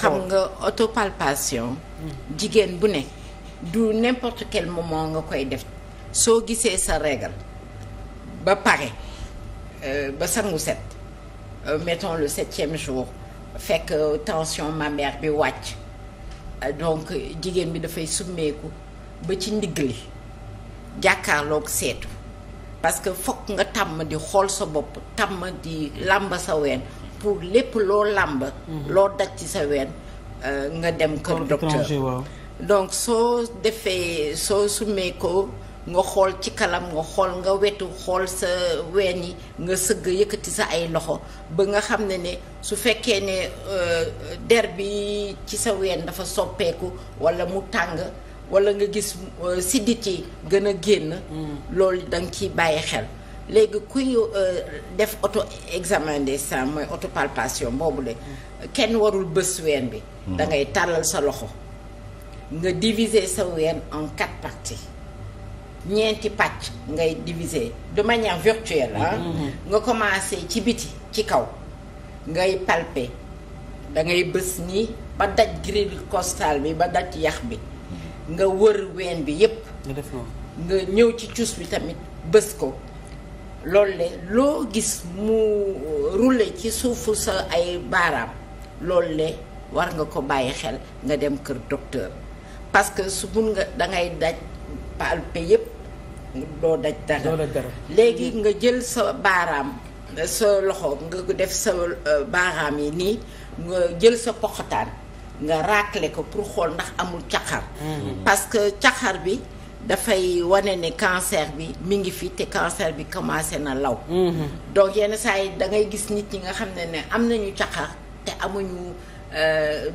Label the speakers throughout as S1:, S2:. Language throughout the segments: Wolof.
S1: xam nga autopalpation jigéen bu ne du n'importe quel moment nga koy def soo gisee sa règle ba pare euh, ba sangu set euh, mettons le septième jour fekk euh, tension mammaire bi wàcc donc jigéen bi dafay summeeku ba ci ndigg li jàkkaarloog seetu parce que fokk nga tàmm di xool sa bopp tàmm di làmba sa ween pour lépp loo làmb mhm. loo daj ci sa ween euh, nga dem kër docteur donc soo defee soo sumee ko nga xool ci kalam nga xool nga wetu xool sa ween yi nga sëgg yëkkati sa ay loxo ba nga xam ne ne su fekkee ne euh, der bi ci sa ween dafa soppeeku walla mu tàng walla nga gis euh, siddit ci gën a génn mhm. loolu danga ci bàyyi xel léegi kuy euh, def auto examen des seins mooy auto palpation boobu de kenn warul bës ween bi. Hmm. da ngay tàllal sa loxo. nga divise sa ween en quatre parties ñeenti pàcc ngay diviser de manière virtuelle ah. hmm, hmm, nga commencé ci biti ci kaw ngay palpe dangay ngay bës nii ba daj grille costale bi ba daj yax bi nga wër ween bi yépp nga ñëw ci cuus bi tamit bës ko. loolu le loo gis mu roulé ci suufu sa ay baaraam loolu le war nga ko bàyyi xel nga dem kër docteur parce que su mun nga dangay daj palpe yépp doo daj dara léegi nga jël sa baaraam sa loxo nga def sa euh, baaraam yi nii nga jël sa poqataan nga raakle ko pour xool ndax amul caxar mm-hmm. parce que bi dafay wane ne cancer bi mi ngi fi te cancer bi commencé na law. Mhm. donc yenn saa yi da ngay gis nit ñi nga xam ne ne am nañu caqar te amuñu euh,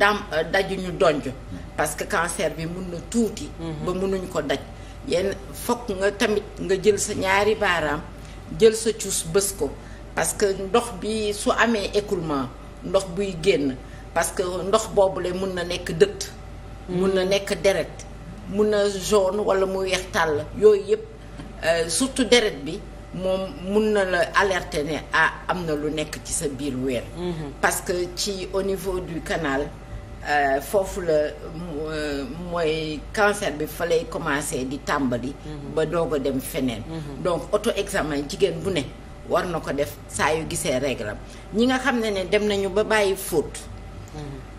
S1: dam dajuñu donj parce que cancer bi mun na tuuti. Mhm. ba munuñ ko daj. yenn fokk nga tamit nga jël sa ñaari baaraam jël sa cuus bës ko parce que ndox bi su amee écoulement ndox buy génn parce que ndox la mun na nekk dëtt. Mhm. mun na nekk deret. mun a jaune wala mu weex tàll yooyu yëpp euh, surtout deret bi moom mun na la alerter ne ah am na lu nekk ci sa biir weer mhm. parce que ci au niveau du canal Euh, foofu la euh, mooy cancer bi fa lay commencé di tàmbali. Mhm. ba doog a dem feneen. Mhm. donc auto examen jigéen bu ne war na ko def saa yu gisee réglam ñi nga xam ne ne dem nañu ba bàyyi fóot.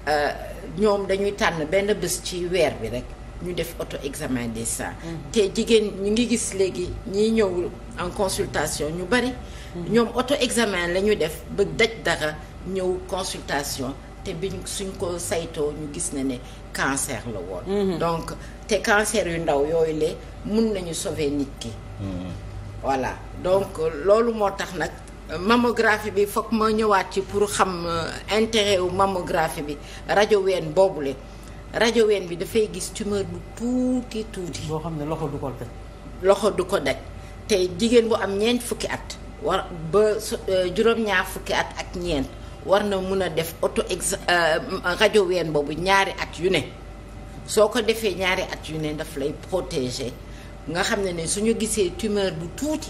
S1: Euh, ñoom dañuy tànn benn bés ci weer bi rek. ñu def auto examen de seins mm-hmm. te jigéen ñu ngi gis léegi ñiy ñëw en consultation ñu bari mm-hmm. ñoom auto examen la ñu def ba daj dara ñëw consultation te biñ suñ ko saytoo ñu gis na ne cancer la woon mm-hmm. donc te cancer yu ndaw yooyu le mun nañu sauver nit ki voilà donc loolu moo tax nag mamographie bi foog ma ñëwaat ci pour xam euh, intérêt wu mammographie bi rajo ween boobule rajo ween bi dafay gis tumeur bu tuuti tuuti. boo xam ne loxo du ko daj. loxo du ko daj te jigéen bu am ñeent fukki at war ba euh, juróom-ñaar fukki at ak ñeent war na mun a def auto ex euh, rajo ween boobu ñaari at yu ne soo ko defee ñaari at yu ne daf lay protéger nga xam ne ne su ñu gisee tumeur bu tuuti.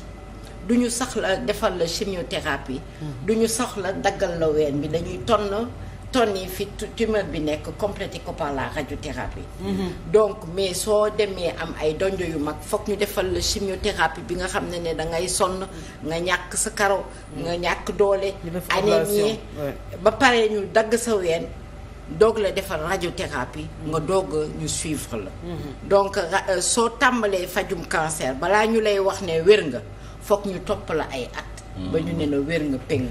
S1: du ñu soxla defal la chimiothérapie. Mm-hmm. du ñu soxla daggal la ween bi dañuy tonn tonni fi tumeur bi nekk complété ko par la radiothérapie mhm. donc mais soo demee am ay donjo yu mag foog ñu defal la chimiothérapie bi nga xam ne ne da ngay sonn nga ñàkk sa karo mhm. nga ñàkk doole anémie ba pare ñu dagg sa ween doog la defal radiothérapie mhm. nga doog ñu suivre la donc euh, soo tàmbalee fajum cancer balaa ñu lay wax ne wér nga foog ñu topp la ay at ba ñu ne na wér nga péng